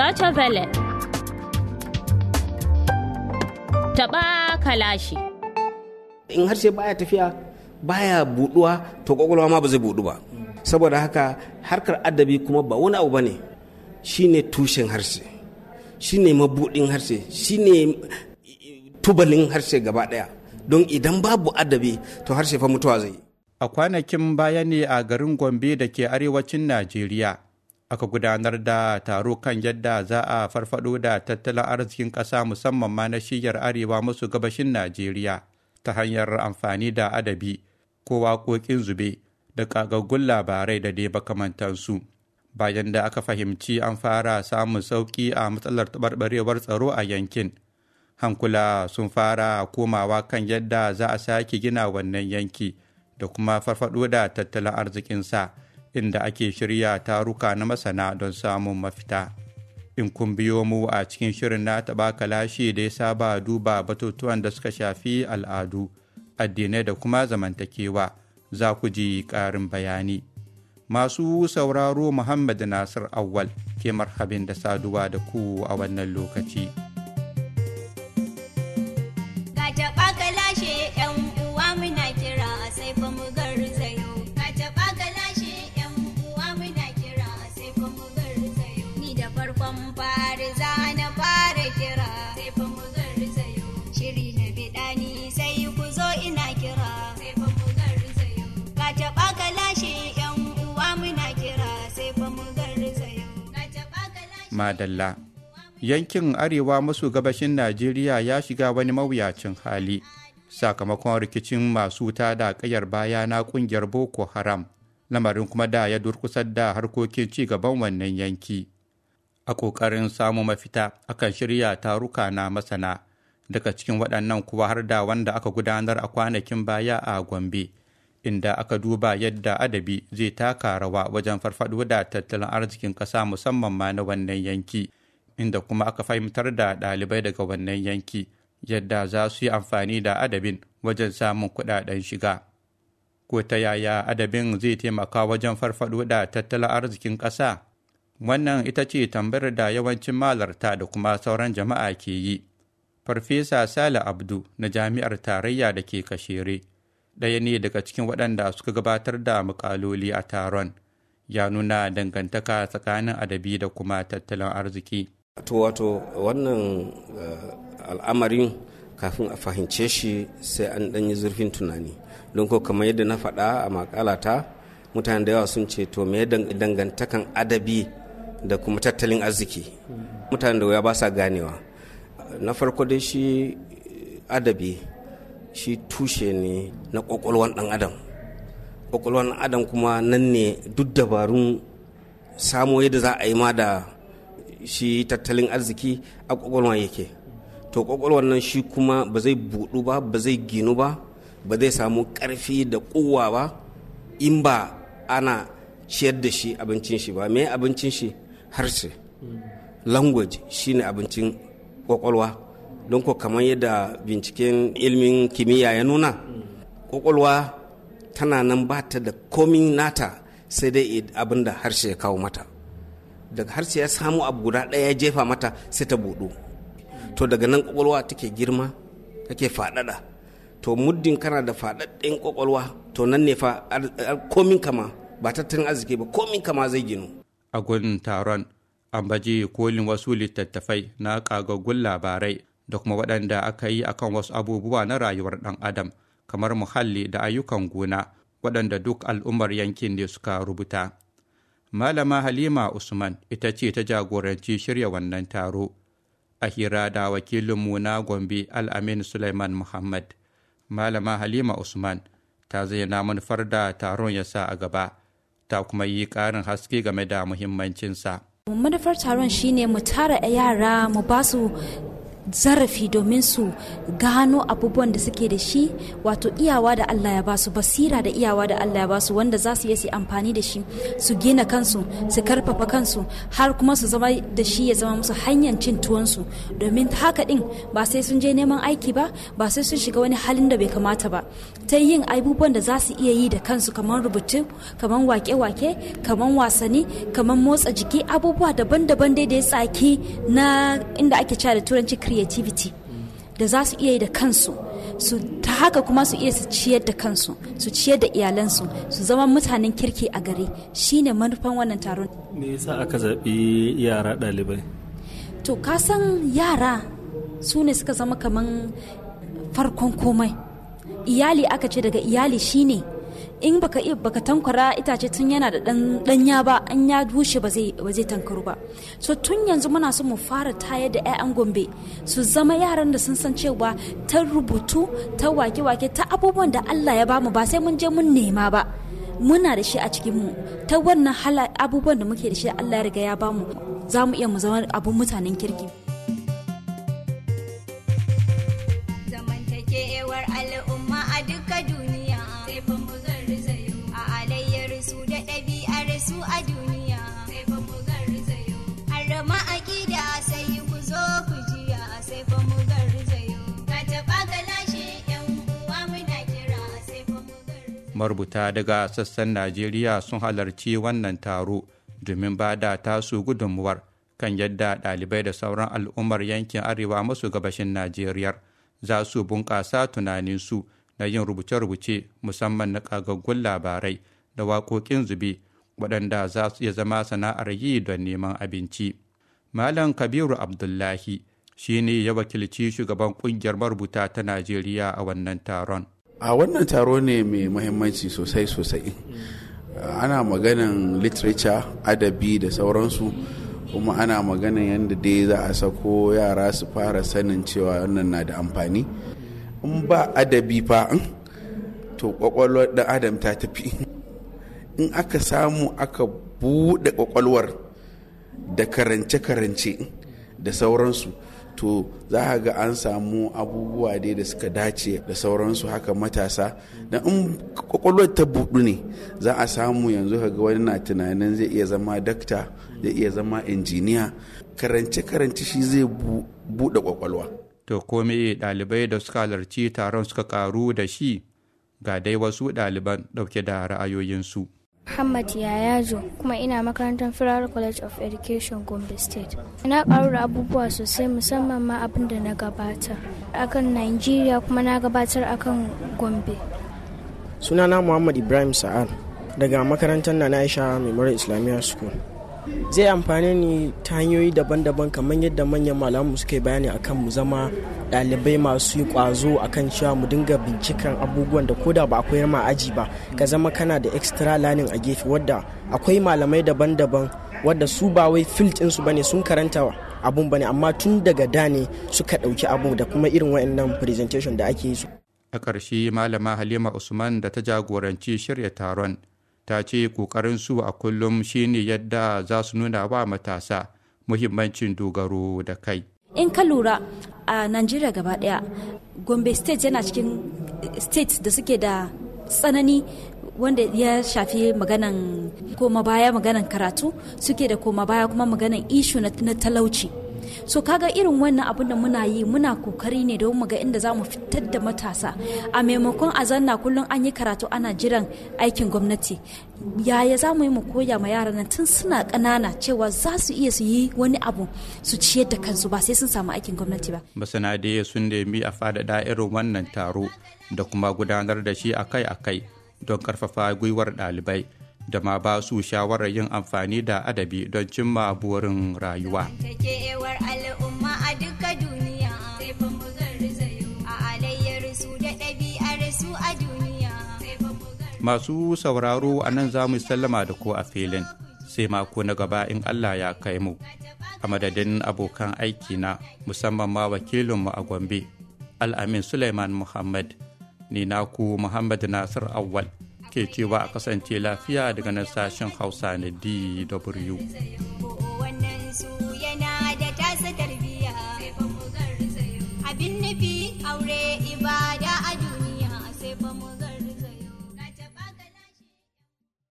Deutsche Welle. Taɓa kalashi. In harshe baya tafiya baya buɗuwa to ƙwaƙwalwa ma ba zai buɗu ba. Saboda haka harkar adabi kuma ba wani abu ba ne shi ne tushen harshe, shi ne mabuɗin harshe, shi ne tubalin harshe gaba ɗaya. Don idan babu adabi to harshe fa mutuwa zai A kwanakin baya ne a garin Gombe da ke arewacin Najeriya. aka gudanar da taro kan yadda za a farfado da tattalin arzikin ƙasa musamman ma na shiyar arewa masu gabashin najeriya ta hanyar amfani da adabi ko waƙoƙin zube da ƙagaggun labarai da dai makamantansu bayan da aka fahimci an fara samun sauƙi a matsalar taɓarɓarewar tsaro a yankin hankula sun fara komawa kan yadda za a sake gina wannan yanki da kuma farfado da tattalin arzikinsa. sa inda ake shirya taruka na masana don samun mafita. In kun biyo mu a cikin shirin na taɓa kalashi da ya saba duba batutuwan da suka shafi al'adu, addinai da kuma zamantakewa, za ku ji ƙarin bayani. Masu sauraro Muhammad Nasir Awal ke marhabin da saduwa da ku a wannan lokaci. madalla yankin arewa maso gabashin najeriya ya shiga wani mawuyacin hali sakamakon rikicin masu da kayar baya na kungiyar boko haram lamarin kuma da ya durkusar da harkokin ci gaban wannan yanki a ƙoƙarin samu mafita akan shirya taruka na masana daga cikin waɗannan kuwa har da wanda aka gudanar a kwanakin baya a gombe inda aka duba yadda adabi zai taka rawa wajen farfaɗo da tattalin arzikin ƙasa musamman ma na wannan yanki inda kuma aka fahimtar da ɗalibai daga wannan yanki yadda za su yi amfani da adabin wajen samun kuɗaɗen shiga ko ta yaya adabin zai taimaka wajen farfaɗo da tattalin arzikin ƙasa wannan ita ce tambayar da yawancin malarta da kuma sauran jama'a ke yi farfesa sale abdu na jami'ar tarayya da ke kashere ɗaya ne daga cikin waɗanda suka gabatar da mukaloli a taron ya nuna dangantaka tsakanin adabi da kuma tattalin arziki to wato wannan eh, al'amarin kafin a fahimce shi sai an ɗan yi zurfin tunani don ko kamar yadda na faɗa a makalata mutane da yawa sun ce to me dangantakan adabi da kuma tattalin arziki mutane da wuya ba sa ganewa na farko dai shi adabi shi tushe ne na ƙwaƙwalwan ɗan adam ƙwaƙwalwan dan adam kuma nan ne duk dabarun samo yadda za a yi ma da shi tattalin arziki a ƙwaƙwalwan yake to ƙwaƙwalwan nan shi kuma ba zai buɗu ba ba zai ginu ba ba zai samu ƙarfi da ƙuwa ba in ba ana ciyar da shi abincin shi ba me abincin shi harshe language shine abincin ƙwaƙwalwa don ko kamar yadda binciken ilmin kimiyya ya nuna kwakwalwa tana nan ba ta da komin nata sai dai abin da harshe ya kawo mata daga harshe ya samu abu guda ɗaya ya jefa mata sai ta buɗu to daga nan kwakwalwa take girma take faɗaɗa to muddin kana da faɗaɗɗen kwakwalwa to nan ne fa komin kama ba tattalin arziki ba komin kama zai ginu a gudun taron an baje kolin wasu littattafai na kagaggun labarai da kuma waɗanda aka yi a kan wasu abubuwa na rayuwar ɗan adam kamar muhalli da ayyukan gona waɗanda duk al'ummar yankin ne suka rubuta malama halima usman ita ce ta jagoranci shirya wannan taro a hira da Wakilin na gombe al'amin suleiman muhammad malama halima usman ta zayyana manufar da taron ya sa a gaba ta kuma yi ƙarin haske game da muhimmancinsa manufar taron shine mu tara yara mu basu zarafi domin su gano abubuwan da suke da shi wato iyawa da Allah ya basu basira da iyawa da Allah ya basu wanda za su yi amfani da shi su gina kansu su karfafa kansu har kuma su zama da shi ya zama musu hanyar cin tuwansu, domin haka din ba sai sun je neman aiki ba ba sai sun shiga wani halin da bai kamata ba ta yin abubuwan da za su iya yi da kansu kamar rubutu kamar wake-wake kamar wasanni kamar motsa jiki abubuwa daban-daban dai da ya tsaki na inda ake cewa da turanci creative creativity da za su iya yi da kansu su ta haka kuma su iya su ciyar da kansu su ciyar da iyalansu su zama mutanen kirki a gari shine manufan wannan taron me yasa aka zaɓi yara ɗalibai to ka san yara su ne suka zama kaman farkon komai iyali aka ce daga iyali shine in baka iya baka tankwara itace tun yana da danya ba an ya bushe ba zai tankaru ba so tun yanzu muna so mu fara tayar da 'ya'yan Gombe su zama yaran da sun san cewa ta rubutu ta wake-wake ta abubuwan da Allah ya bamu ba sai mun je mun nema ba muna da shi a cikin mu ta wannan hala abubuwan da muke da shi Allah ya riga ya bamu za mu iya mu zama abun mutanen kirki marubuta daga sassan najeriya sun halarci wannan taro domin ba da tasu gudunmuwar kan yadda ɗalibai da sauran al'ummar yankin arewa masu gabashin najeriya za su bunƙasa tunaninsu na yin rubuce-rubuce musamman na ƙagaggun labarai da waƙoƙin zube waɗanda za su iya zama sana'ar yi don neman abinci. Malam Kabiru Abdullahi shi ne ya wakilci shugaban ƙungiyar marubuta ta Najeriya a wannan taron. a wannan taro ne mai mahimmanci sosai sosai ana maganan literature adabi da sauransu kuma ana maganin yadda dai za a sako yara su fara sanin cewa wannan na da amfani in ba adabi fa to kwakwalwar dan adam ta tafi in aka samu aka buɗe kwakwalwar da karance-karance da sauransu to za a ga an samu abubuwa dai da suka dace da sauransu haka matasa da in kwakwalwar ta budu ne za a samu yanzu ka ga wani na tunanin zai iya zama dakta zai iya zama injiniya karance-karance shi zai buɗe kwakwalwa to kome ɗalibai da suka halarci taron suka karu da shi ga dai wasu ɗaliban ɗauke da ra'ayoyinsu Muhammad Yayajo kuma ina makarantar Federal College of Education Gombe State. Na karu da abubuwa sosai musamman ma abin da na gabatar akan Nigeria kuma na gabatar akan Gombe. Sunana Muhammad Ibrahim Sa'ad daga makarantar Nana Aisha Memorial Islamic School. zai amfani ni ta hanyoyi daban-daban kamar yadda manyan malamu suke bayani akan mu zama ɗalibai masu yi ƙwazo akan cewa mu dinga binciken abubuwan da koda ba akwai ma aji ba ka zama kana da extra learning a gefe wadda akwai malamai daban-daban wadda su ba wai field ɗinsu bane sun karanta abun bane amma tun daga da ne suka ɗauki abu da kuma irin waɗannan presentation da ake yi su. a ƙarshe malama halima usman da ta jagoranci shirya taron ta ce su a kullum shine yadda za su nuna wa matasa muhimmancin dogaro da kai in ka lura a najeriya gaba daya gombe state yana cikin eh, state da suke da tsanani wanda ya shafi maganan koma baya maganan karatu suke da koma baya kuma maganan ishu na talauci so kaga irin wannan abin da muna yi muna kokari ne don ga inda za mu fitar da matasa a maimakon a zanna kullum an yi karatu ana jiran aikin gwamnati yaya za mu yi mu koya ma yaran nan tun suna ƙanana cewa za su iya su yi wani abu su ciyar da kansu ba sai sun samu aikin gwamnati ba masana dai sun nemi a faɗaɗa irin wannan taro da kuma gudanar da shi akai-akai don karfafa gwiwar ɗalibai da ma ba su shawarar yin amfani da adabi don cimma burin rayuwa. Masu sauraro a nan za mu sallama da ko a filin sai mako na gaba in Allah ya kai mu. A madadin abokan na, musamman ma wakilinmu a Gombe, Al'amin Suleiman Muhammad, ni naku Muhammad Nasir Awal. ke cewa a kasance lafiya daga nan sashen hausa na dw